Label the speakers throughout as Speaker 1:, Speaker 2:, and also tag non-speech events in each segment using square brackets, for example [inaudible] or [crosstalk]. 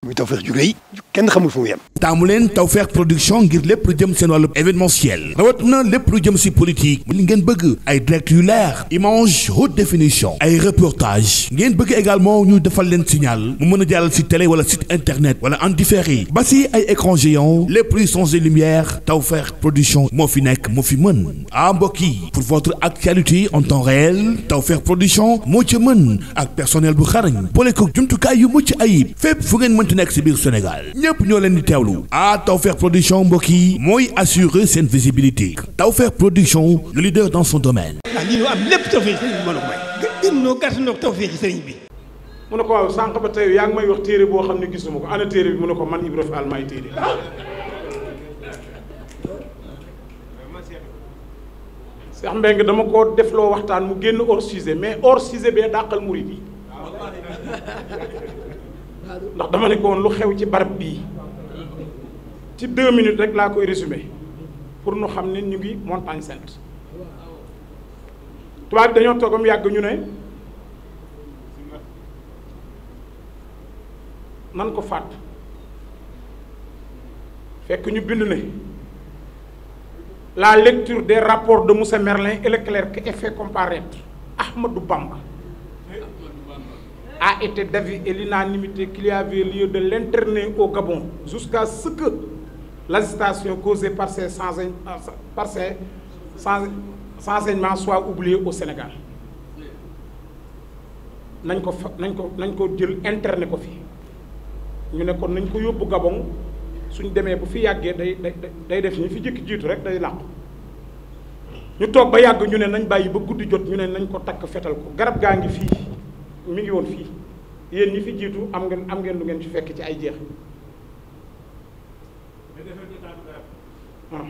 Speaker 1: muy tawfeex ju rëy kenn xamul fu mu yem taamu leen Tawfekh production ngir lépp lu jëm seen wàllu événementiel rawat na lépp lu jëm si politique li ngeen bëgg ay direct yu leer image haute définition ay reportage ngeen bëgg également ñu defal leen signal mu mën a jàllal si télé wala site internet wala en différé ba si ay écran géant lépp luy son et lumière Tawfekh production moo fi nekk moo fi mën ah mbokk yi pour votre actualité en temps réel Tawfekh production moo ci mën ak personnel bu xarañ boole ko jumtukaay yu mucc ayib fépp fu ngeen mënti nekk si biir Sénégal lépp ñoo leen di teewlu ah Tawfekh production mbokk yi mooy assurer seen visibilité Tawfekh production le leader dans son domaine.
Speaker 2: ah lii ñu am lépp Tawfekh sëriñ
Speaker 3: bi mën a ko sanq ba tey yaa ngi may wax téere boo xam ne gisuma ko ana téere bi mu ne ko man Ibra Fall maay téere. Seex Mbeng dama ko def loo waxtaan mu génn hors sujet mais hors sujet bee dàqal murid yi. ndax dama ne ko woon lu xew ci barab bii ci deux minutes rek laa koy résumé pour nu xam ne ñu ngi montagne sainte tubaab bi dañoo toogam yàgg ñu ne nan ko fàtt fekk ñu bind ne la lecture de rapport de Moussa Merlin et Leclerc et fait comparaître Ahmadou a été d'avis et l'unanimité qu'il y avait lieu de l'interner au Gabon jusqu'à ce que l'agitation causée par ces par ces soit oubliée au Sénégal nañ ko fa nañ ko nañ ko jël interné ko fii ñu ne kon nañ ko yóbbu Gabon suñ demee bu fi yàggee day day day def ñu fi jëkki jiitu rek day làqu ñu toog ba yàgg ñu ne nañ bàyyi ba guddi jot ñu ne nañ ko takk fetal ko garab gaa ngi fii mi ngi woon fii yéen ñi fi jiitu am ngeen am ngeen lu ngeen ci fekk ci ay jeex. Ah.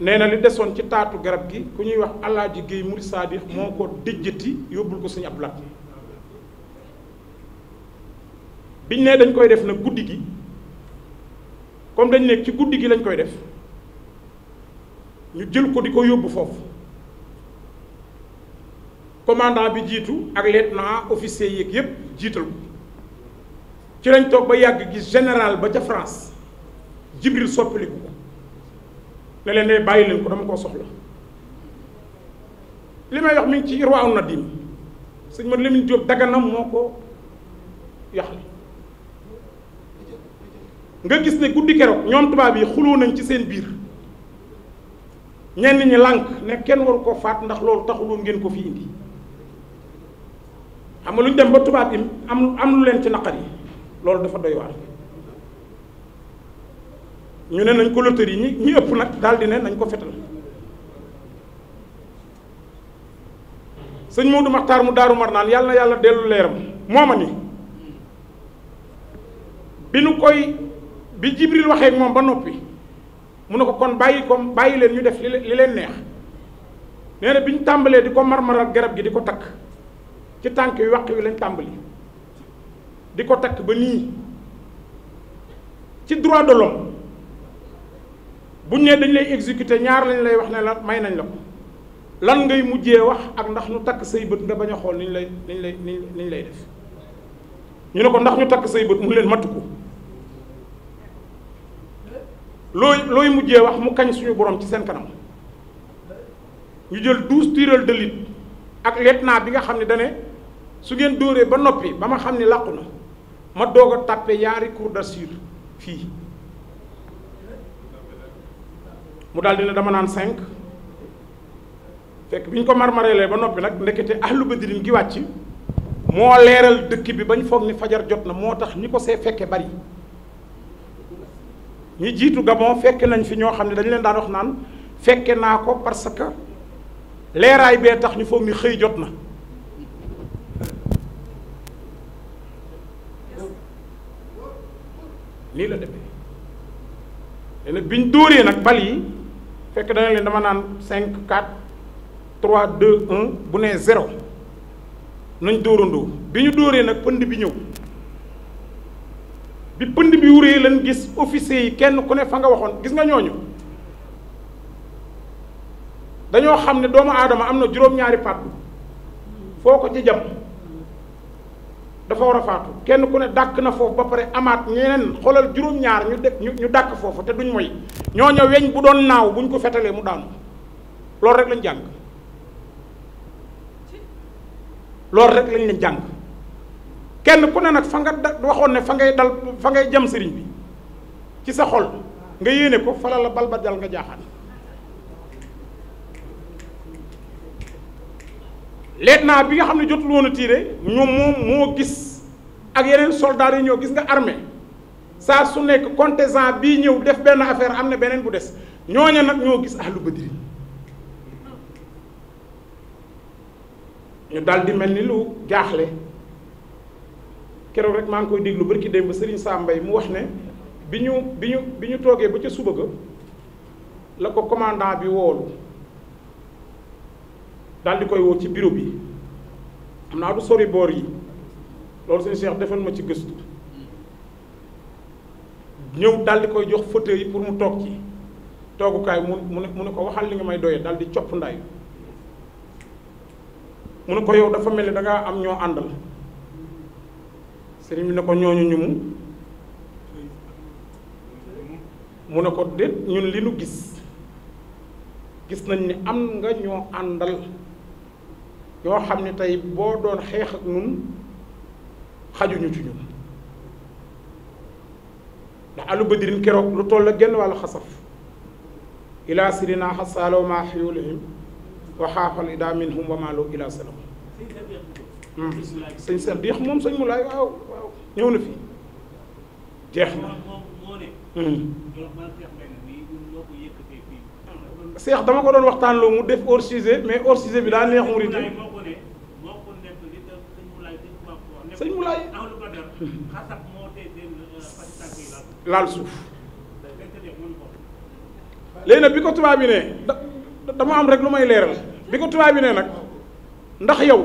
Speaker 3: nee na li desoon ci taatu garab gi ku ñuy wax alaaji Géey Murid Saadix moo ko dijjati yóbbul ko suñu ab lat biñ ne dañ koy def nag guddi gi comme dañ nekk ci guddi gi lañ koy def ñu jël ko di ko yóbbu foofu commandant bi jiitu ak naa officier yeeg yépp jiital ko ci lañ toog ba yàgg gis général ba ca France Jibril soppaliku ko la leen day bàyyi leen ko dama ko soxla li may wax mi ngi ci Irwaaw Nadim sëñ man Lamine Diop daganam moo ko yaxle nga gis ne guddi keroog ñoom tubaab yi xuloo nañ ci seen biir ñenn ñi lànk ne kenn waru koo faat ndax loolu taxuloon ngeen ko fi indi am na lu ñu dem ba tubaat yi am am lu leen ci naqar yi loolu dafa doy ñu ne nañ ko loterie yi ñi ëpp nag daal di ne nañ ko fetal sëñ Moodu Maxtaar mu daaru mar naan yàlla yàlla dellu leeram mooma ni bi nu koy bi Jibril waxee moom ba noppi mu ne ko kon bàyyi ko bàyyi leen ñu def li leen neex nee na bi ñu tàmbalee di ko marmaral garab gi di ko takk ci tànk yu wàq yu lañ tàmbali di ko takk ba nii ci droit de l'homme buñ ne dañ lay exécuter ñaar lañ lay wax ne la may nañ la ko lan ngay mujjee wax ak ndax ñu takk say bët nga bañ a xool niñ lay niñ lay niñ lay def ñu ne ko ndax ñu takk say bët mu leen matu ko looy looy mujjee wax mu kañ suñu borom ci seen kanam ñu jël douze tireurs d'élite ak lieutenant bi nga xam ne dane su ngeen dóoree ba noppi ba ma xam ne làqu na ma doog a tàppe yaari cour d'assure fii mu daal dina dama naan cinq fekk bi ñu ko marmarelee ba noppi nag ndekete ahlu badrin gi wàcc moo leeral dëkk bi bañ foog ni fajar jot na moo tax ñi ko see fekke bari ñi jiitu Gabon fekke nañ fi ñoo xam ne dañu leen daan wax naan fekke naa ko parce que leeraay bee tax ñu foog ni xëy jot na nii la demee te nag biñ dóoree nag bal yi fekk dana leen dama naan cinq quatre trois deux un bu nee zéro nañ dóorandoo bi ñu dóoree nag pënd bi ñëw bi pënd bi wuree lan gis officier yi kenn ku ne fa nga waxoon gis nga ñooñu dañoo xam ne doomu aadama am na juróom-ñaari pàtt foo ko ci jam dafa war a faatu kenn ku ne dàkk na foofu ba pare amaat ñeneen xoolal juróom-ñaar ñu def ñu dàkk foofu te duñ moy ñoo ñëw weñ bu doon naaw buñ ko fetalee mu daanu loolu rek lañ jàng loolu rek lañ leen jàng kenn ku ne nag fa nga da waxoon ne fa ngay dal fa ngay jëm sëriñ bi ci sa xol nga yéene ko falal la bal ba dal nga jaaxaan lieutenant bi nga xam ne jotul woon a tiire ñoom moom moo gis ak yeneen soldats yi ñëw gis nga armée saa su nekk contingent bii ñëw def benn affaire am na beneen bu des ñooña nag ñoo gis ahlu badri ñu daldi mel ni lu jaaxle keroog rek maa ngi koy déglu barki démb Serigne Sambay mu wax ne bi ñu bi ñu bi ñu toogee ba ca suba ga la ko commandant bi woolu daal koy woo ci bureau bi am naa du sori boor yi loolu seen Cheikh defal ma ci gëstu ñëw daldi koy jox fauteuil yi pour mu toog ci toogukaay mu ne mu ne ko waxal li nga may doyee daal di copp ndayu mu ne ko yow dafa mel ni dangaa am ñoo àndal sëriñ bi ne ko ñooñu ñu mu mu ne ko déet ñun li nu gis gis nañ ni am nga ñoo àndal yoo xam ne tey boo doon xeex ak ñun xajuñu ci ñun ndax alu badirin keroog lu toll ak genn wàllu xasaf ilaa sirina xasaalaw maa xiyulihim wa xaafal idaa minhum wa maalo ilaa salam hmm. sëñ seex diix moom sëñ mu laay waaw waaw ñëw na fi jeex na hmm. seex dama ko doon waxtaan loo mu def hors sujet mais hors sujet bi daa neex murid euh, yi sëñ mu laay laal suuf léegi nag bi ko tubaab bi ne dama am rek lu may leeral bi ko tubaab bi ne nag ndax yow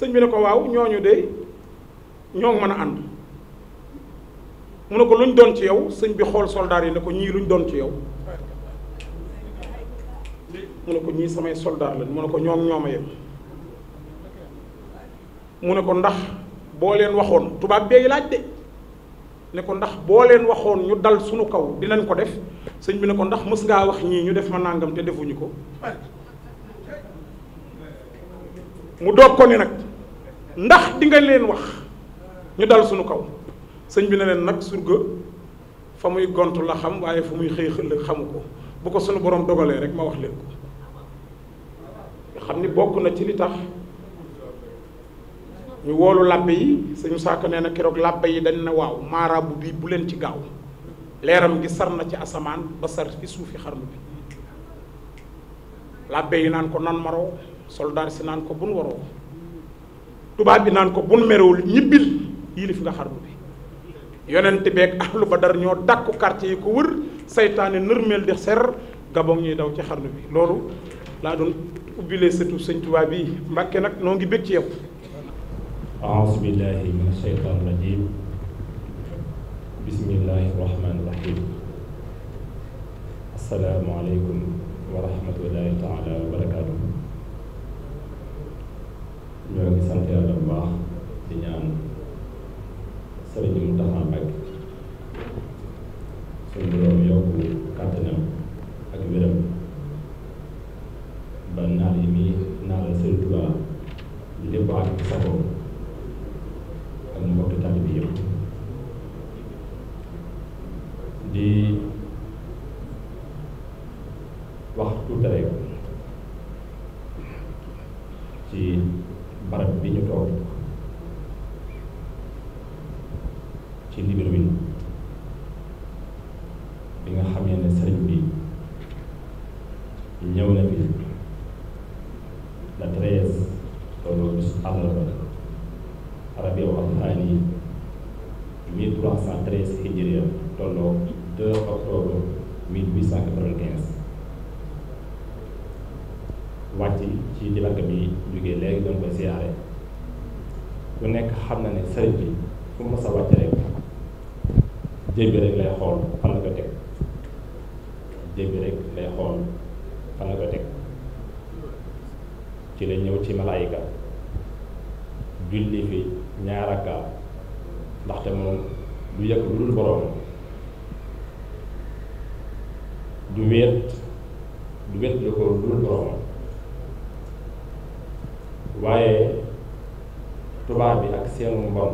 Speaker 3: sëñ bi ne ko waaw ñooñu de ñoo mën a ànd mu ne ko lu ñu doon ci yow sëñ bi xool soldaar yi ne ko ñii lu ñu doon ci yow mu ne ko ñii samay soldaar lañ mu ne ko ñoom ñooma yem mu ne ko ndax boo leen waxoon tubaab bee laaj de ne ko ndax boo leen waxoon ñu dal suñu kaw dinañ ko def sëñ bi ne ko ndax mës ngaa wax ñii ñu def ma nàngam te defuñu ko mu doog ko ni nag ndax dinga leen wax ñu dal suñu kaw sëñ bi ne leen nag surga fa muy gont la xam waaye fa muy xëy xëllëg xamu ko bu ko suñu boroom dogalee rek ma wax leen ko xam ni bokk na ci li tax ñu woolu làbbe yi suñu saako nee na keroog làbbe yi dañ na waaw maaraabu bii bu leen ci gaaw leeram gi sar na ci asamaan ba sar fi suufi xarnu bi làbbe yi naan ko nan maroo soldaar si naan ko bun waroo tubaab bi naan ko bun merewul ñibbil yilif nga xarnu bi yonent beeg ahlu badar ñoo dàkku quartier yi ko wër saytaane nërmeel di ser gabon ñuy daw ci xarnu bi loolu laa doon ubbile sëtu sëñ Tuubaa bi Mbàkke nag noo ngi bég ci yow
Speaker 4: aouzu aleykum wa rahmatullahi wa barakaatu ñoo ngi sant yàlla baax di ñaan sëriñ du wéet du wéet lu ko waaye tubaab bi ak seenu mbon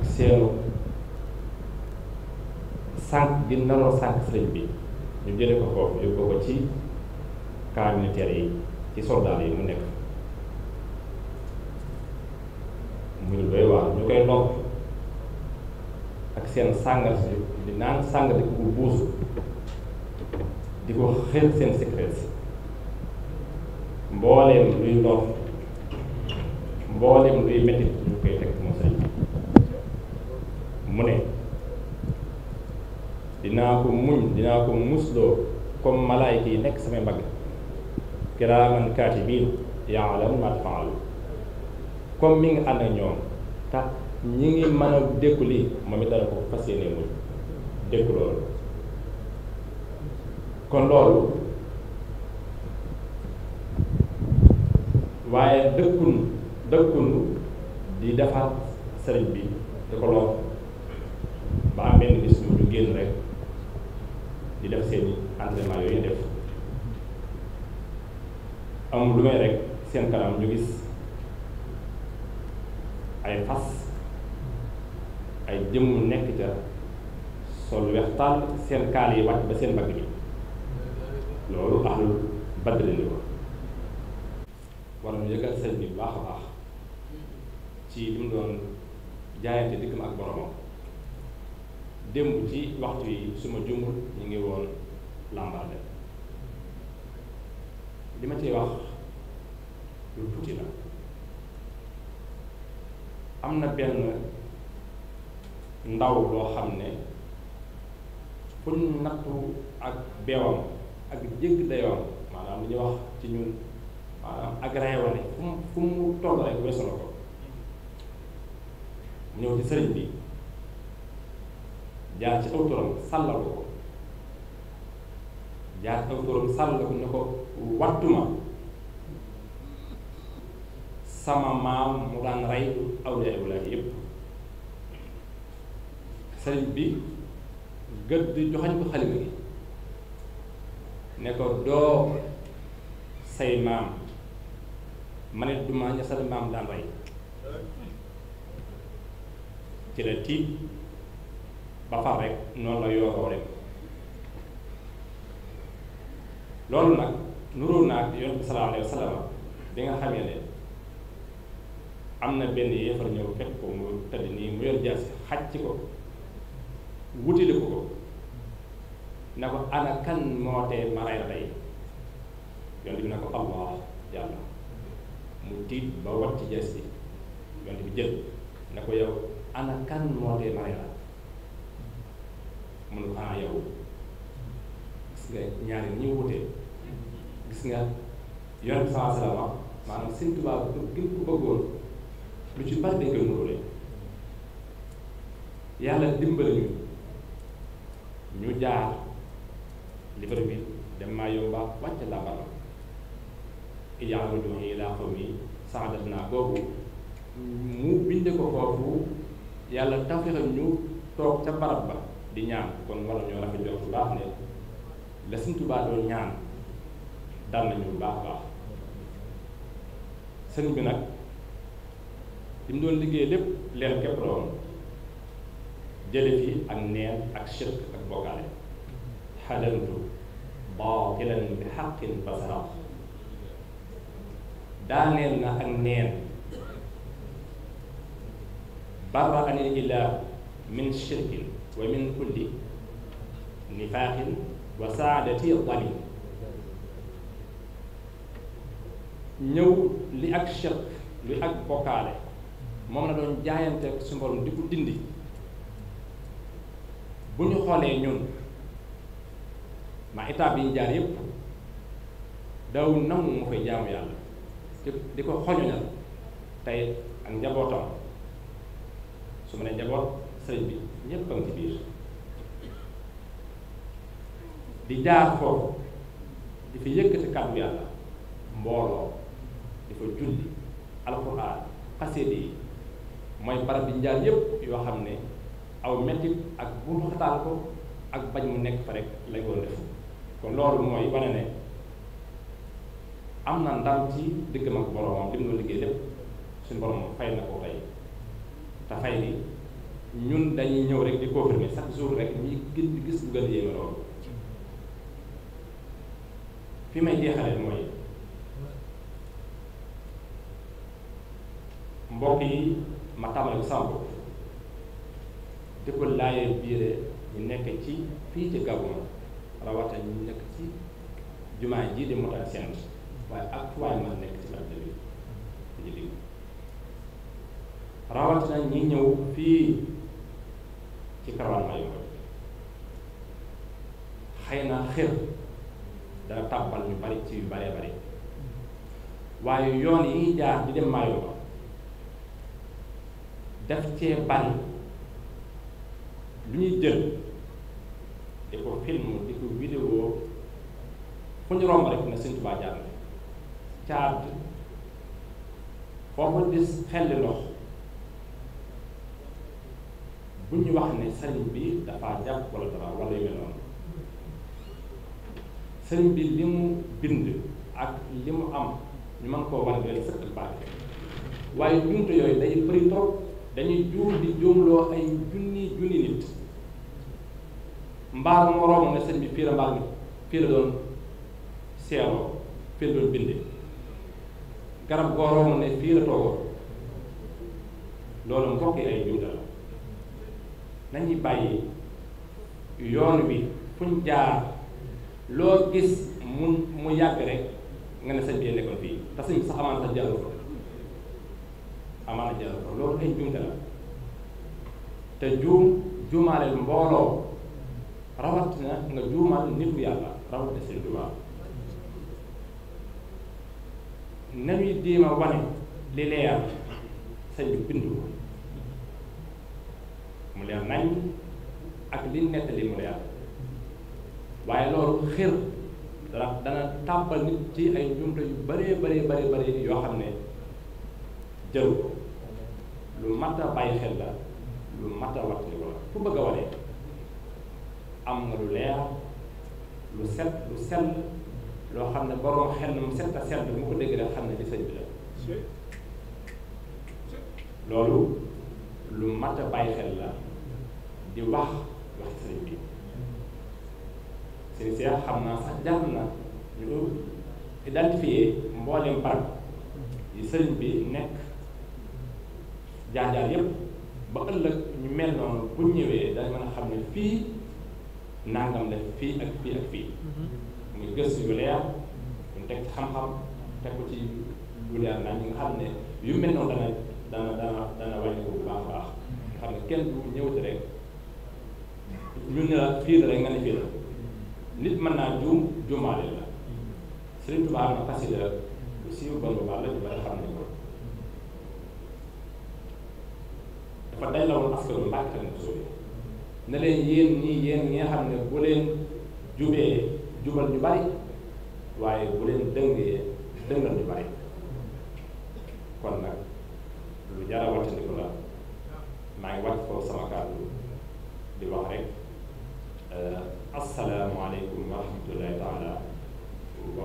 Speaker 4: ak seenu sànq bi nanoo sànq sëriñ bi ñu jële ko foofu yóbbu ko ci car militaire yi ci soldat yi mu nekk muy doy waar ñu koy nopp ak seen sàngal si di naan sàng di ko buus di ko xel seen secret mbooleem luy noof mbooleem luy métti ñu koy teg moom sëriñ mu ne dinaa ko muñ dinaa ko musloo comme malaayka yi nekk samay mbagg kiraaman kaatibiin ya'lamuuna maa taf'aluun comme mi ngi ànd ak ñoom tax ñi ngi mën a dékku lii moom it dana ko fas yéene muñ dégg loolu kon loolu waaye dëkkun dëkkun di defar sëriñ bi di ko lool ba am benn bis ñu génn rek di def seen entraînement yooyu def amul lu may rek seen kanam ñu gis ay fas ay jëmm nekk ca sol weex tàll seen kaal yi wàcc ba seen mbagg bi loolu ahlul badri ni ko war nu yëgal sëñ bi baax a baax ci lim mu doon jaayante diggam ak boromam démb ci waxtu yi suma jumul ñu ngi woon làmbarde li ma ci wax lu tuuti la am na benn ndaw boo xam ne fu ñu nattu ak beewam ak jégg dayoom maanaam li ñuy wax ci ñun maanaam ak reewale fu mu fu mu toll rek weesu na ko ñëw ci sëriñ bi jaar ci aw turam sàllal ko jaar ci aw turam ko ne ko wattuma sama maam mu daan rey awliyaa Ibrahima yépp sëriñ bi gëdd joxañ ko xalima gi ne ko doo say maam ma ne duma ña maam daan rey ci la tiit ba far rek noonu la yooroo dem loolu nag nuroo naag yonent bi sallallahu alayhi wa bi nga xamee ne am na benn yéefar ñëw fekk ko mu tëdd nii mu yor jaas xàcc ko wutili ko ko na ko ana moo tee ma rey la tey yonent ko allah yàlla mu tiit ci jees bi yonent bi jël na ko yow ana kan moo tee ma rey la mun ko ana ah, yow gis nga ñaari ñi nga yonent saa salaama maanaam Sëñ Tuubaa gën ko bëggoon lu ci bari dañ koy murulee yàlla dimbali ñu ñu jaar Libreville dem maa yomba wàcc Lambaréné ijaaruduuni ilaa qawmi saadat naa boobu mu binde ko foofu yàlla tawfeexal ñu toog ca barab ba di ñaan kon war ñoo rafet jox baax ne la Sëñ Tuubaa doon ñaan dal nañu baax baax sëñ bi nag li mu doon liggéey lépp leer képp la woon jële ak neen ak shirk bokkaale xalaltu baatilan bi xaqin basaraq daaneel na ak neen barra anil ilahu min shirkin wa min kulli nifaaqin wa saadati dalil ñëw li ak shirk li ak bokkaale moom la doon jaayante ak su di ko dindi bu ñu xoolee ñun ma état bi ñu jaar yépp daaw nam mu koy jaamu yàlla di di ko xoñoñal tey ak njabootam su ma ne njaboot sëriñ bi ñépp a ngi di jaar foofu di fi yëkkati kàddu yàlla mbooloo di fa julli alxuraan xasida yi mooy barab bi ñu jaar yépp yoo xam ne aw mettit ak buntu xataal ko ak bañ mu nekk fa rek lañ ko def kon loolu mooy wane ne am na ndam ci diggam ak boromam li mu lépp suñu boromam fay na ko tey te fay bi ñun dañuy ñëw rek di confirmer chaque jour rek ñuy gis lu gën a yéeme loolu fi may jeexalee mooy mbokk yi ma tàmbali ko di ko laayee biiree ñu nekk ci fii ci Gabon rawatina ñu nekk ci jumaa ji di Mouta Sénégal waaye actuellement nekk ci rajo bi di liggéey rawatina ñi ñëw fii ci Kaolack ma xëy na xër dana tàbbal ñu bari ci yu baree bari waaye yoon yi jaar di dem Mayoro daf cee bari. lu ñuy jël di ko film di ko vidéo fu ñu romb na Sëñ Tuubaa jaar na caad foofu di xelli bu ñu wax ne sëriñ bi dafa jàpp wala dafa wala yu mel noonu bi li mu bind ak li mu am ñu mën koo war a gën a waaye jumtu yooyu day bëri trop dañuy juum di juumloo ay junni junni nit mbaar moroom nga sëñ bi fii la mbaar mi doon seeroo fii doon bindee garab gooroom ne fii la loolu mbokk yi ay juumte la nañuy bàyyi yoon wi fuñ jaar loo gis mu mu yàgg rek nga ne sëñ bi nekkoon fii te sëñ sax amaan sax amaana jëla ko loolu ay juumte la te juum juumaaleel mbooloo rawatina nga juumaal nitu yàlla rawatina seen juumaal nañuy diima wane li leer sëñ bi bindu ko mu leer nañ ak li nettali mu leer waaye loolu xir dana tàbbal nit ci ay njumte yu bëree bëree bëree bëri yoo xam ne jëru lu mat a bàyyi xel la lu mat a waxtu la ku bëgg a wane am nga lu leer lu set lu sell loo xam ne borom xel mu set a sell mu ko dégg rek xam ne li sëñ bi la loolu lu mat bàyyi xel la di wax wax sëñ bi sëñ Seex xam naa sax jàll na ñu identifier mboolem barab yi sëñ bi nekk jaar-jaar yépp ba ëllëg ñu mel noonu bu ñëwee dañ man a xam ne fii nangam la fii ak fii ak fii mhm. muy gëstu yu leer ñu teg ci xam-xam teg ko ci yu leer naa nga xam ne yu mel noonu dana dana dana dana wàññi ko bu baax nga xam ne kenn du ñëwati rek ñu ne la fii la rek nga ne fii la nit mën naa juum juumaale la mhm. Sëriñ Tuubaa na xasida la aussi bon bu baax la ñu bari xam ne dafa delloo askanu Mbàkke la ko suufee ne leen yéen ñii yéen ñi nga xam ne bu leen jubee jubal ñu bari waaye bu leen dëngee dëngal ñu kon nag lu jar a wattandiku la maa ngi wàcc foofu di wax rek eh, asalaamualeykum wa taala wa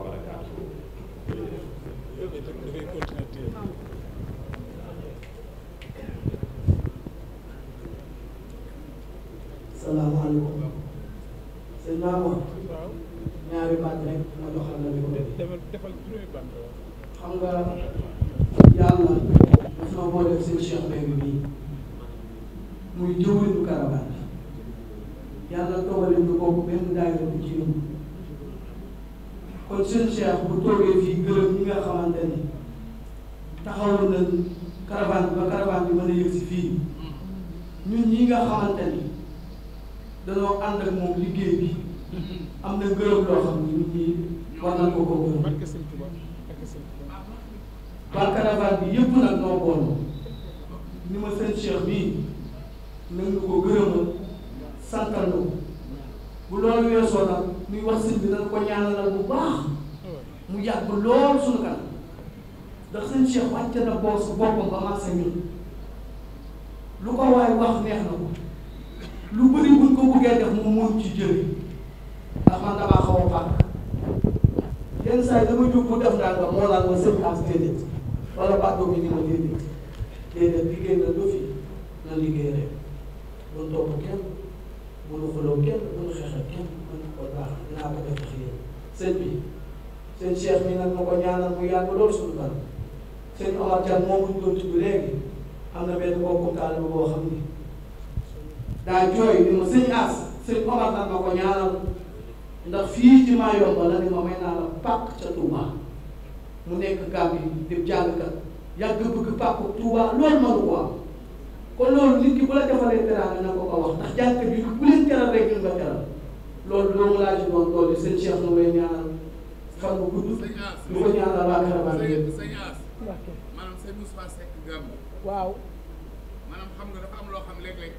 Speaker 2: asalaamaaleykum sëñ Maama ñaari baat rek ma joxal la micro xam nga yàlla daf ma boole ak seen Cheikh Mbaye bi muy jëwriñu Caravane yàlla toogalee ñu bokk benn daayira bu ci ñun kon seen Cheikh bu toogee fii gërëm ñi nga xamante ni taxawal nañ Caravane ba Caravane bi mën a yëg si fii ñun ñi nga xamante ni. danoo ànd ak moom liggéey bi am na gërëm loo xam ne nit ñi war nañ ko ko gërëm waa caravane bi yëpp nag noo bool ni ma seen cheikh bii nañ ñu ko gërëmal santal ko bu loolu weesoo nag muy wax sëñ bi nañ ko ñaanalal bu baax mu yàgg lool suñu kan ndax seen cheikh wàcc na boos boppam ba marché ñun lu ko waay wax neex na lu bëri buñ ko buggee def mu mun ci jëli ndax man damaa xaw a fàq yenn saa yi dama jóg bu def naa nga moo naan ma sëñ as déedéet wala baatoo bi ni ma déedéet déedéet liggéey na lu fi na liggéey rek bul topp kenn bul xuloo kenn bul xeexal kenn bul ko baax dinaa ko def xëy sëñ bi seen cheikh mi nag ma ko ñaanal mu yàgg loolu suñu kanam sëñ Omar Thiam moom ñu doon tudd léegi am na benn mbokku taalibe boo xam ni. a jooy ni ma sëñ As sëñ Omar nag ma ko ñaaral ndax fii ci maa la ni ma may naa la pàkk ca Touba mu nekk gàmm yi di jàngkat yàgg bëgg pàkk Touba loolu mënu ko am kon loolu nit ki bu la defalee teraanga na ko ko wax ndax jàngkat yi bu leen teral rek ñu nga teral loolu loolu laa ci doon ñaaral xam nga gudd ñaaral waa Caravane
Speaker 3: sëñ As loo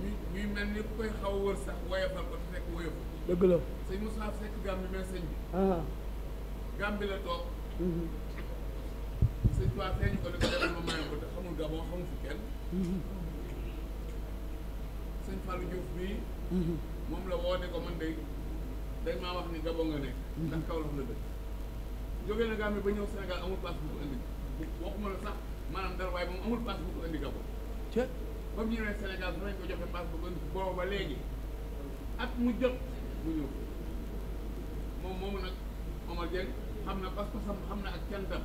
Speaker 3: ñuy ñuy mel ni koy xaw a wër sax woyofal ko te fekk
Speaker 2: woyofu. dëgg la
Speaker 3: sëñ Moussa Seck Gambie mais sëñ bi. Ah. Gambie la toog. Mhm. sëñ Tuubaa feeñ ko bii. Mhm. Mhm. moom la woo ne ko man de dañ maa wax ni Gabon nga nekk. ndax Kaolack la dëkk. jógee na Gambie ba ñëw Sénégal amul passe bu ko indi waxuma la sax maanaam dara waaye moom amul passe bu ko indi Gabon. ba mu ñëwee Sénégal danañ ko joxe pass bu gën booba mu jot mu ñëw moom moomu nag Omar Dieng xam na parce que sam xam na ak cantam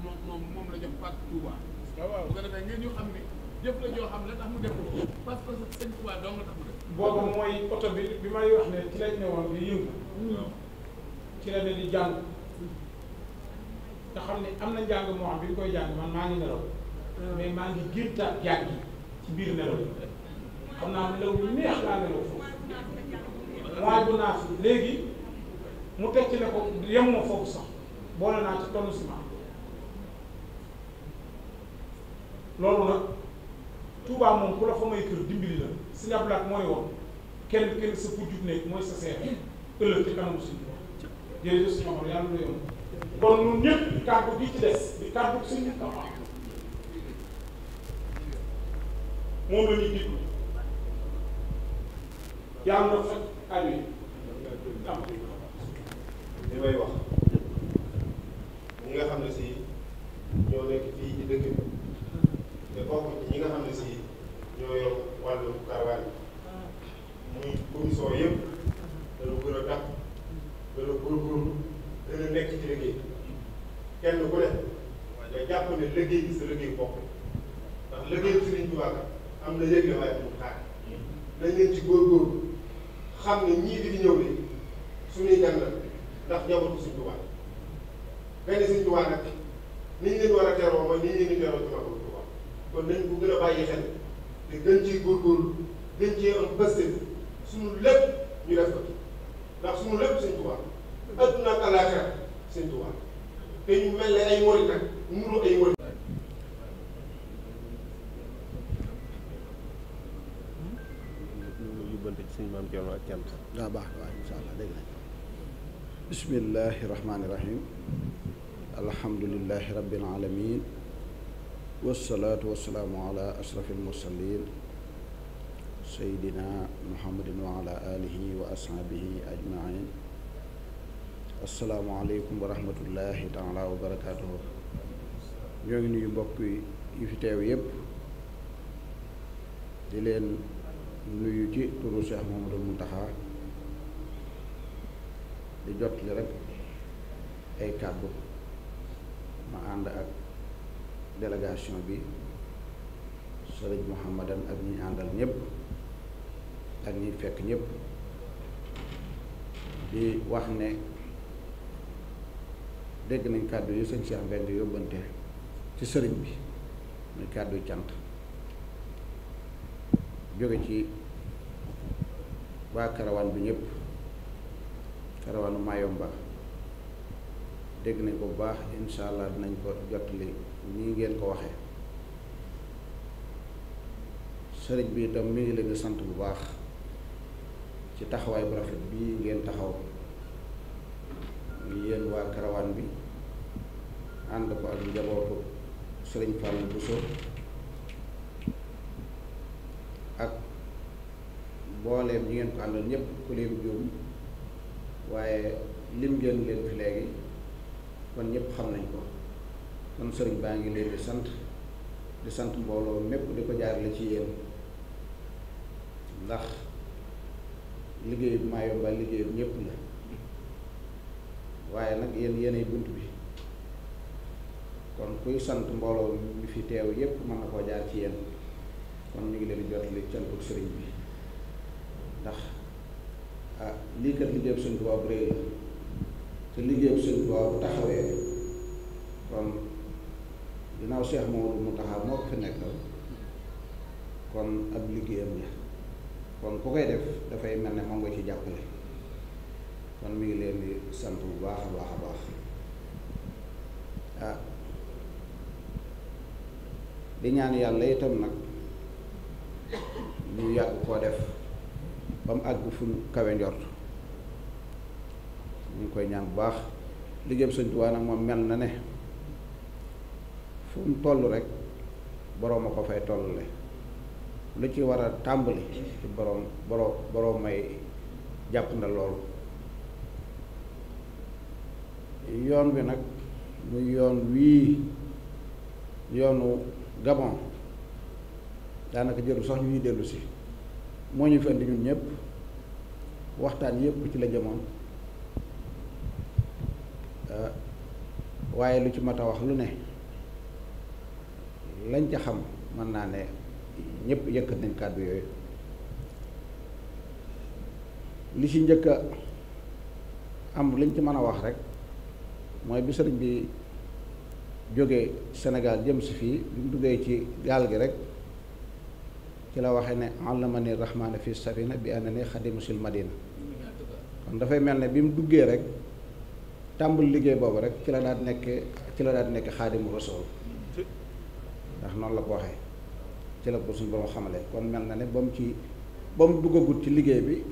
Speaker 3: moom la jox pass Touba. Ah, waaw bu ko ñu xam ne jëf la joo xam la tax mu def ko parce que sëñ Touba dong la tax mu def. boobu mooy oto bi bi may wax ne ci lañ ne woon di yëngu. ci la ne di jàng. nga xam ne am na njàng moo xam bi ñu koy jàng man maa ngi nelaw. mais maa ngi géntaat jàngi ci biir nelaw xam naa nelaw lu neex laa nelaw foofu laaju naa fi léegi mu te ne ko yemuma foofu sax boole naa ci tonn ciment loolu nag Touba moom ku la fa may kër dimbali la si ñablaat mooy woon kenn kenn sa pujjut nekk mooy sa seere ëllëg ci kanamu suñu jërëjëf si ma xam yàlla lu yomb kon ñun ñëpp kàddu gi ci des di kàddu suñu xam moom la ñuy déglu yàlla na faj aju li may wax ñi nga xam ne si ñoo nekk fii ci dëkk bi te bokk ci ñi nga xam ne si ñoo yor wàllu karawaan yi muy commission yëpp dana gën a tax dana góorgóorlu dana nekk ci liggéey kenn ku ne nga jàpp ne liggéey bi sa liggéey bopp ndax
Speaker 2: liggéey bi Sëriñ Tuubaa am na yëg la waaye amul tànk dañ leen ci góorgóorlu xam ne ñii di ñëw de suñuy gan la ndax njabootu Sëriñ Tuubaa
Speaker 3: benn Sëriñ Tuubaa nag ni ñu leen war a teroo mooy ni ñu leen di teroo ci màggalu Tuubaa kon nañ
Speaker 2: ko gën a bàyyi xel te gën ciy góorgóorlu gën cee am pëstéef suñu lépp ñu def ko ndax suñu lépp Sëriñ Tuubaa adduna ak alaaxira Sëriñ Tuubaa te ñu mel ne ay murit nag
Speaker 3: nuru ay
Speaker 5: suñu maam Thierno ak cant. daa baax waaw incha allah dégg nañ alamin wasalaatu wasalaamu ala ashraf almursalin seydina muhammadin wa ala wa ashaabihi ajmain assalaamu aleykum wa rahmatullahi wa barakaatuhu ñoo ngi nuyu mbokk yu fi teew yépp di leen nuyu ci turu Cheikh mu Mountakha di jot li rek ay kàddu ma ànd ak délégation bi sëriñ Mouhamadan ak ñi àndal ñëpp ak ñi fekk ñëpp di wax ne dégg nañ kàddu yi sëñ Cheikh Mbeng yóbbante ci sëriñ bi muy kàddu cant jóge ci waa karawaan bi ñépp karawaanu Mayomba dégg nañ ko bu baax incha allah dinañ ko jottali nii ngeen ko waxee sëriñ bi itam mi ngi sant bu baax ci taxawaay bu rafet bii ngeen taxaw yéen waa karawaan bi ànd ko ak njabootu sëriñ Fallou Bousso mbooleem ñi ngeen ko àndal ñëpp ku leen juum waaye lim ngeen leen fi léegi kon ñëpp xam nañ ko kon sëriñ baa ngi leen di sant di sant mbooloo mépp di ko jaarale ci yéen ndax liggéey bi maa yomba liggéey bi la waaye nag yéen yéenay bunt bi kon kuy sant mbooloo mi fi teew yépp mën na koo jaar ci yéen kon ñu ngi leen di jot li cantuk sëriñ bi ndax a ah, lii kat liggéeyam Sëñ Tuubaa bu réy la te liggéeyam Sëñ Tuubaa bu taxawee kon ginnaaw Seex Mamadu Muntaxa moo ko fi nekkal kon ab liggéeyam la kon ku koy def dafay mel ne moom nga ci jàppale kon mi ngi leen di sant bu baax a baax a baax ah di ñaan yàlla itam nag ñu yàgg koo def ba mu àgg fu kawe njort ñu ngi koy ñaan bu baax liggéeyam Sëñ Tuubaa nag moom mel na ne fu tollu toll rek boroom a ko fay tollale lu ci war a tàmbali ci boroom boroom boroom may jàpp na loolu yoon wi nag muy yoon wii yoonu Gabon daanaka jëru sax ñuy dellusi moo ñu fi ñun ñëpp waxtaan yépp ci la jëmoon euh, waaye lu ci mat a wax lu ne lañ ca xam mën naa ne ñépp yëkkat nañ kàddu yooyu li ci njëkk a am liñ ci mën a wax rek mooy bi sëriñ bi jóge senegal jëm si fii bi duggee ci gaal gi rek ci la waxee ne allamani rahmaana fi safina bi anna ni xadimusil madina kon dafay mel ne bi mu duggee rek tàmbul liggéey boobu rek ci la daan nekk ci la daan nekk xaadimu rasul ndax noonu la ko waxee ci la ko suñu borom xamale kon mel na ne ba mu ci ba mu duggagut ci liggéey bi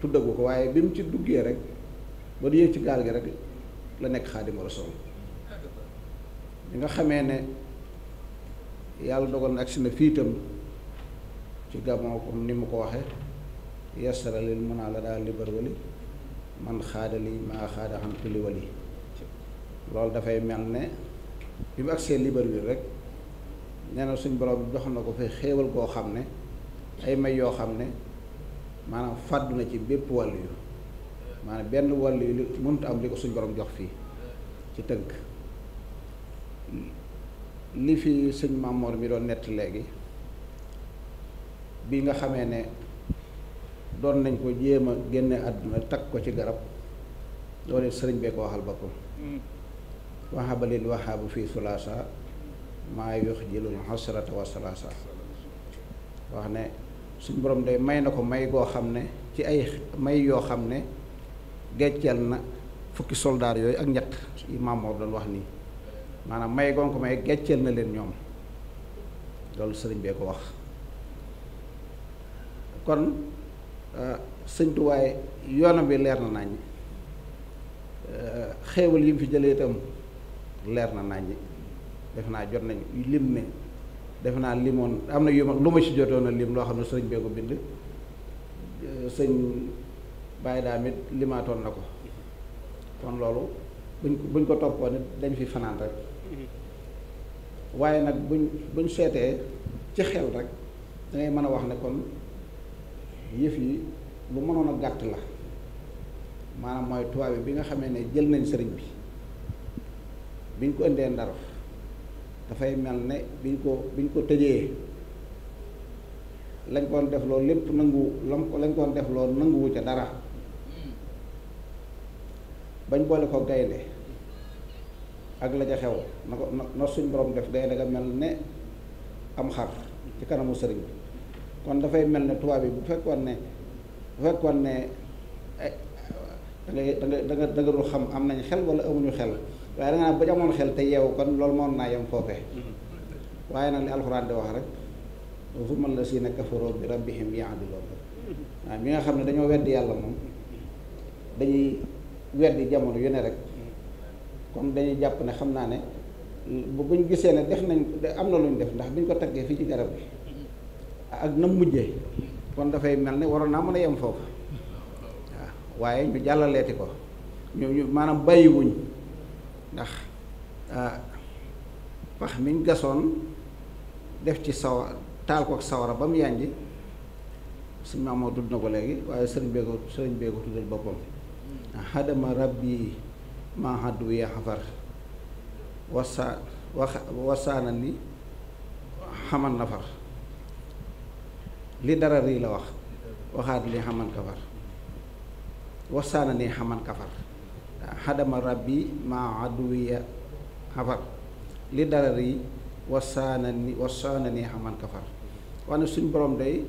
Speaker 5: tuddagu ko waaye bi mu ci duggee rek ba du yéeg ci gaal gi rek la nekk xaadimu rasul bi nga xamee ne yàlla dogal na agsi na fii itam ci Gabon comme ni mu ko waxee yasara lil mun naa la daal li man xaadali maa xaada xam kulli yi loolu dafay mel ne bi mu agsee Libreville rek nee na suñ borom jox na ko fi xéewal koo xam ne ay may yoo xam ne maanaam fàddu na ci bépp wàll yu maanaam benn wàll yu mënut am li ko suñ borom jox fii ci tënk li fi sëñ Mamoor mi doon nett léegi bi nga xamee ne doon nañ ko jéem a génne àdduna takk ko ci garab loolu sëriñ bee ko waxal boppam mm. waxabalil waxaabu fii sulaasa maa yox jilul xasrata wa wax ne suñ borom day may na ko may goo xam ne ci ay may yoo xam ne gecceel na fukki soldaar yooyu ak ñett yi Maamoor doon wax nii maanaam may goon ko may gecceel na leen ñoom loolu sëriñ bee ko wax kon Euh, sëñ tuwaay yoonam bi leer na naññ euh, xéewal yi mu fi jëlee itam leer na naññ def naa jot nañ lim ne def naa limoon am na yu lu ma ci jotoon a lim loo xam ne sëñ bee ko bind euh, sëñ bàyyi daam limaatoon na ko kon loolu buñ ko buñ toppoon it dañ fi fanaan rek mm-hmm. waaye nag buñ buñ seetee ci xel rek da mën a wax nekkoon yëf yi lu mënoon a gàtt la maanaam mooy tubaab bi nga xamee ne jël nañ sëriñ bi biñ ko indee ndar dafay mel ne biñ ko biñ ko tëjee lañ koon def loolu lépp nangu lam lañ koon def loo nanguwu ca dara bañ boole ko gaynde ak la ca xew na ko na suñ borom def gaynde ga mel ne am xar ci kanamu sëriñ bi kon dafay mel ne tubaab yi bu fekkoon ne bu fekkoon ne eh, da ngay da ngay xam am nañ xel wala amuñu xel waaye da nga naan ba amoon xel te yeewu kon loolu moom naa yem foofee mm-hmm. waaye nag li alxuraan di wax rek summa llazina kafaroo bi rabbihim yaadiloon waaw mi nga xam ne dañoo weddi yàlla moom dañuy weddi jamono yu ne rek kon dañuy jàpp ne xam naa ne bu buñ gisee ne dex nañ am na luñ def ndax buñ ko taggee fii ci garab gi ak na mujje kon dafay mel ne waroon naa mën a yem foofu waaw waaye ñu jàllaleeti ko ñu ñu maanaam bàyyiwuñ ndax pax ah, miñ gasoon def ci sawar taal ko ak sawara ba mu yànji suñ maamoo tudd na ko léegi waaye sëriñ bee ko sëriñ bee ko tuddal boppam hadama rabbi ma haddu xafar wasaana ni xamal nafar li dara rii la wax waxaat li xaman kafar wasaana ni xaman kafar xadama rabbi ma aduwiya xafar li dara rii wasaana ni wasaana ni xaman kafar wane suñ borom day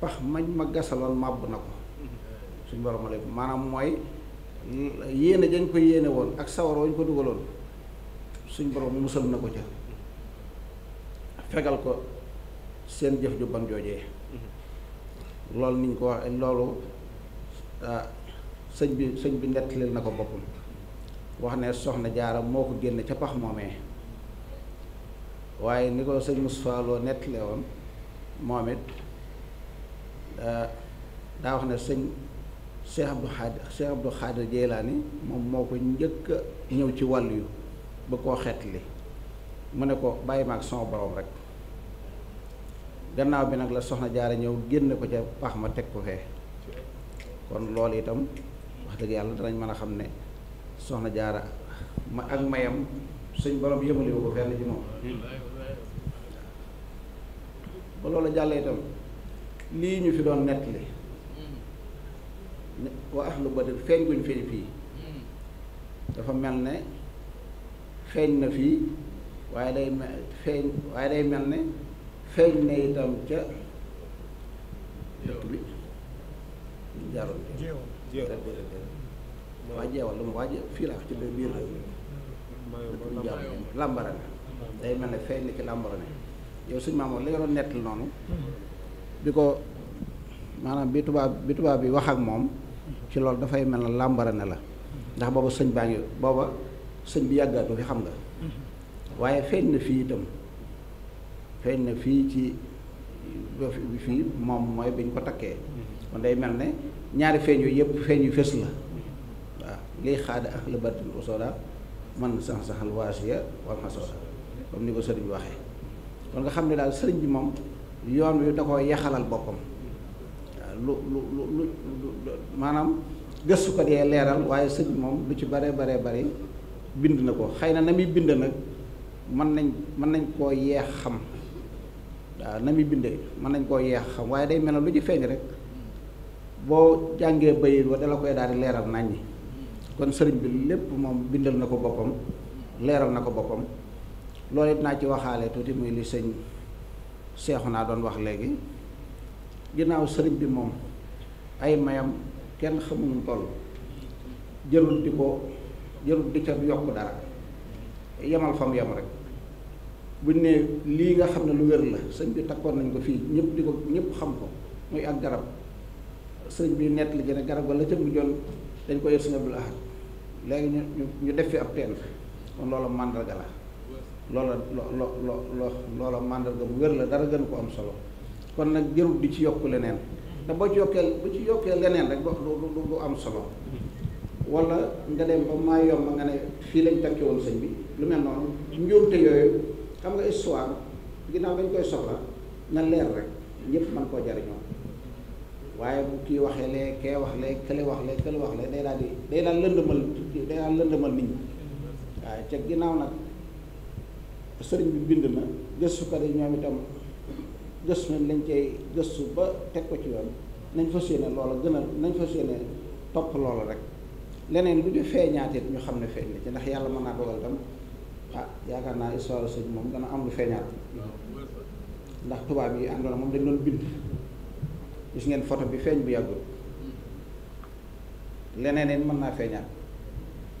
Speaker 5: pax mañ ma gasaloon màbb na ko suñ borom ma lay maanaam mooy yéene dañ ko yéene woon ak sawara wañ ko dugaloon suñ borom musal na ko ca fegal ko seen jëf ju bon joojee loolu niñ ko wax loolu ah, sëñ bi sëñ bi nettalil na ko boppam wax ne soxna jaara moo ko génne ca pax moomee waaye ni ko sëñ Moustapha Lo nettalee woon moom it ah, daa wax ne sëñ Cheikh Abdou Khadir Cheikh Abdou Khadir Jeylaani moom moo ko njëkk ñëw ci wàll yu ba koo li mu ne ko bàyyi ma ak sama borom rek gannaaw bi nag la soxna jaara ñëw génn ko ca pax ma teg ko fee kon loolu itam wax dëgg yàlla danañ mën a xam ne soxna jaara ma ak mayam suñ borom yëmaliwu ko fenn ci moom ba loolu jàllee itam lii ñu fi doon nettali wa ahlu badr feeñ guñ feeñ fii dafa mel ne feeñ na fii waaye day feeñ waaye day mel ne feeñ na itam ca dëkk bi jaaroon waa jeewal waa jeewal fii laa ci biir biir jaaroon làmbarane day mel ne feeñ na ci làmbarane yow suñu maamoon li nga doon nettal noonu bi hmm. ko maanaam bi tubaab bi tubaab bi wax ak moom ci loolu dafay mel na làmbarane la ndax booba sëñ baa ngi booba sëñ bi yàggaatu fi xam nga
Speaker 6: hmm.
Speaker 5: waaye feeñ na fii itam feeñ na fii ci fii moom mooy bi ñu ko takkee mm-hmm. kon day mel ne ñaari feeñ yu yëpp feeñ yu fës la mm-hmm. waaw liy xaada ak la batin usoda man sax saxal waasiya wal xasoda comme ni ko sëriñ bi waxee kon nga xam ne daal sëriñ bi moom yoon wi da ko yaxalal boppam lu lu lu lu maanaam gëstu ko dee leeral waaye sëñ moom lu ci bare bare bari bind na ko xëy na na muy bind nag mën nañ mën nañ koo yeex xam waaw na muy bindee mën nañ koo yeex xam waaye day mel ne lu ci feeñ rek boo jàngee bayit wa dala koy daal di leeral nañ ñi kon sëriñ bi lépp moom bindal na ko boppam leeral na ko boppam loolu it naa ci waxaale tuuti muy li sëñ seexu naa doon wax léegi ginnaaw sëriñ bi moom ay mayam kenn xamuñu toll jërul di ko jërul di ca yokk dara yemal fa mu rek buñ ne lii nga xam ne lu wér la sëñ bi takkoon nañ ko fii ñëpp di ko ñëpp xam ko muy ak garab sëñ bi nett li gën a garab wala ca mujjoon dañ ko yor sëñ Abdul léegi ñu ñu def fi ab teen kon loola màndarga la loola lo lo lo loola màndarga bu la dara gën ko am solo kon nag jërut di ci yokk leneen te boo ci yokkee leneen rek am solo wala nga maa yomb nga fii lañ takki woon sëñ bi lu ne noonu njuumte yooyu xam nga histoire ginnaaw dañ koy soxla na leer rek ñëpp mën koo jariñoo waaye bu kii waxee lee kay wax lee kële wax lee kële wax lee day daal di day daal lëndëmal day daal lëndëmal nit ñi waaye ca ginnaaw nag sëriñ bi bind na gëstukat yi ñoom itam gëstu nañ lañ cay gëstu ba teg ko ci yoon nañ fas yéene loola gën a nañ fas yéene topp loola rek leneen lu ñu feeñaatee ñu xam ne feeñ la ci ndax yàlla mën naa dogal dem yaakaar naa histoire sëñ moom dana am lu feeñaat ndax tubaab yi àndoon moom dañ doon bind gis ngeen photo bi feeñ bu yàggul hmm. leneen it mën naa feeñaat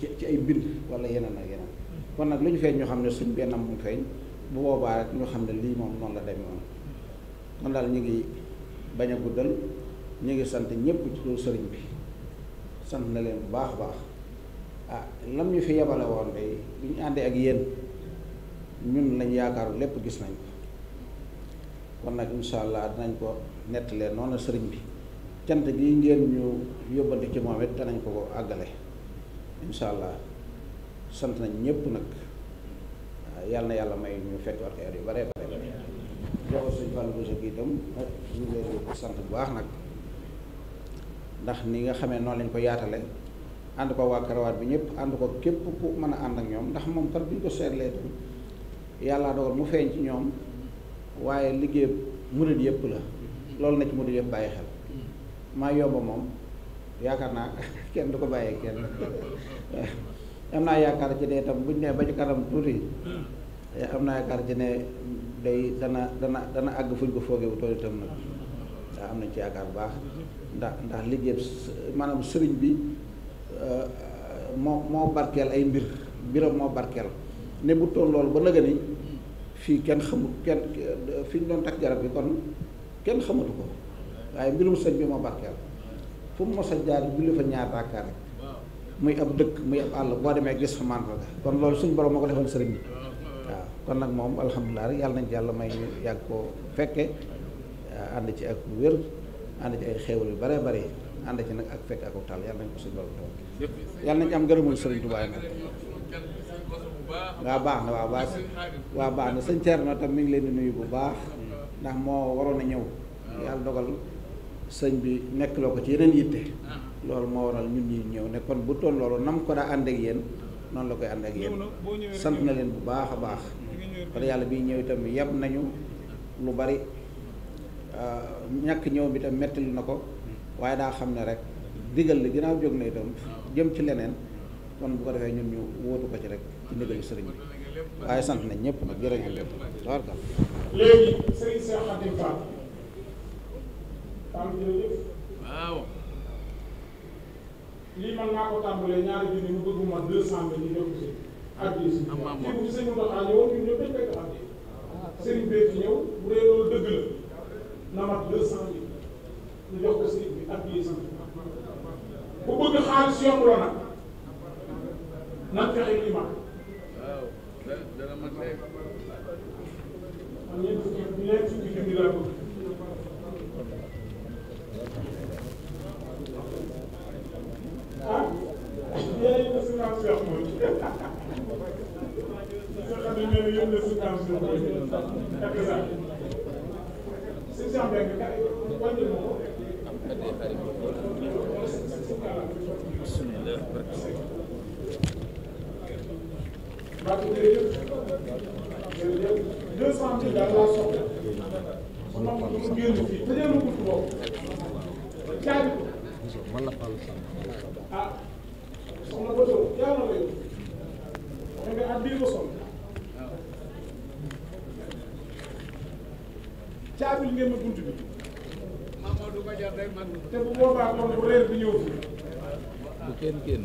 Speaker 5: ci ci ay bind walla yeneen ak yeneen kon nag lu ñu feeñ ñu xam ne suñ benn mu feeñ bu boobaa rek ñu xam ne lii moom noonu la demee moom kon daal ñu ngi bañ a guddal ñu ngi sant ñépp ci loolu bi sant na leen bu baax a baax ah lam ñu fi yebale woon day bu ñu àndee ak yéen ñun lañ yaakaaru lépp gis nañ ko kon nag incha allah dinañ ko nettalee noonu sëriñ bi cant gi ngeen ñu yóbbante ci moom it danañ ko ko àggale incha allah sant nañ ñëpp nag ah, yàlla na yàlla may ñu fekk ak heure yu bare bare bare joxo suñ gi itam ah, ñu leen sant bu baax nag ndax ni nga xamee noonu lañ ko yaatale ànd ko waa karawaat bi ñëpp ànd ko képp ku mën a ànd ak ñoom ndax moom par bi ñu ko seetlee itam yàllaa dogal mu feeñ ci ñoom waaye liggéey murid yëpp la loolu na ci murid yëpp bàyyi xel maa yomba moom yaakaar naa [laughs] kenn du ko bàyyee kenn [laughs] am naa yaakaar ci ne itam buñu ne ba ci tuuti am naa yaakaar day dana dana dana àgg fuñ ko foogee bu tool itam nag waaw am nañ ci yaakaar bu baax ndax ndax liggéey maanaam sëriñ bi euh, moo moo barkeel ay mbir mbiram moo barkeel ne mu loolu ba nëgë fii kenn xamut kenn fi ñu takk garab yi kon kenn xamatu ko waaye mbirum sëñ bi ma barkeel fu mu mos a jaar julli fa ñaar raakaar muy ab dëkk muy ab àll boo demee gis fa màndarga kon loolu suñ borom moo ko defal sëriñ bi waaw kon nag moom alhamdulilah rek yàlla nañ ci yàlla may ñu yàgg koo fekke ànd ci ak wér ànd ci ay xéewal yu bare bare ànd ci nag ak fekk ak tal yàlla nañ ko suñ borom defal yàlla nañ ci am gërëmul sëriñ Tuubaa waaw baax na waaw baax waaw baax na sëñ Thierno tam mi ngi leen di nuyu bu baax ndax moo waroon a ñëw yàlla dogal sëñ bi nekk la ko ci yeneen yitte loolu moo waral ñun ñi ñëw ne kon bu toll loolu nam ko daa ànd ak yéen noonu la koy ànd ak yéen sant na leen bu baax a baax parce yàlla bi ñëw itam yab nañu lu bari ñàkk ñëw bi tam metti na ko daa xam ne rek digal li ginnaaw jóg na itam jëm ci leneen kon bu ko defee ñun ñu wóotu ko ci rek ci ndigalu sëriñ bi waaye sant nañ ñëpp nag jërë lépp tabaraka
Speaker 3: léegi sëriñ Cheikh Khadim Fall tam jërëjëf waaw lii man naa ko tàmbalee ñaari junni mu bëgg ma deux cent mille ñu def ci addi si lii bu sëriñ Mountakha ñëwoon
Speaker 6: ñun ñëpp dañ fekk addi sëriñ bee fi
Speaker 3: bu dee loolu dëgg la na mat deux cent mille ñu jox ko sëriñ bi addi si bu bëgg xaalis yomb
Speaker 2: nan fexe li mat Bismillah
Speaker 6: donc jërëjëf jërëjëf deux cent mille daal laa ba noppi pour génn fii tëjee lu gudd boobu caabi ko
Speaker 3: ah bi te bu boobaa kon bu réer bi kenn kenn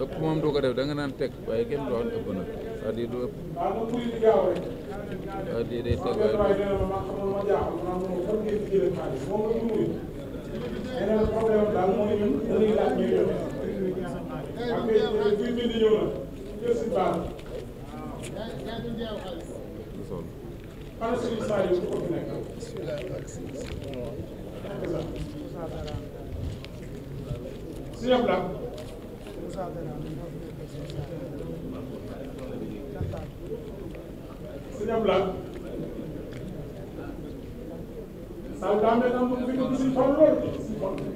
Speaker 5: ëpp moom du ko def da nga naan teg waaye kenn du wax ëpp nag c'est-à-dire du ëpp c'est-à-dire day teg waaye
Speaker 6: du ëpp
Speaker 2: xanaa Serigne Saliou bu ko fi nekk si yëpp la si yëpp la Saliou daa mel
Speaker 3: ne am na lu ñu si toll lool si toll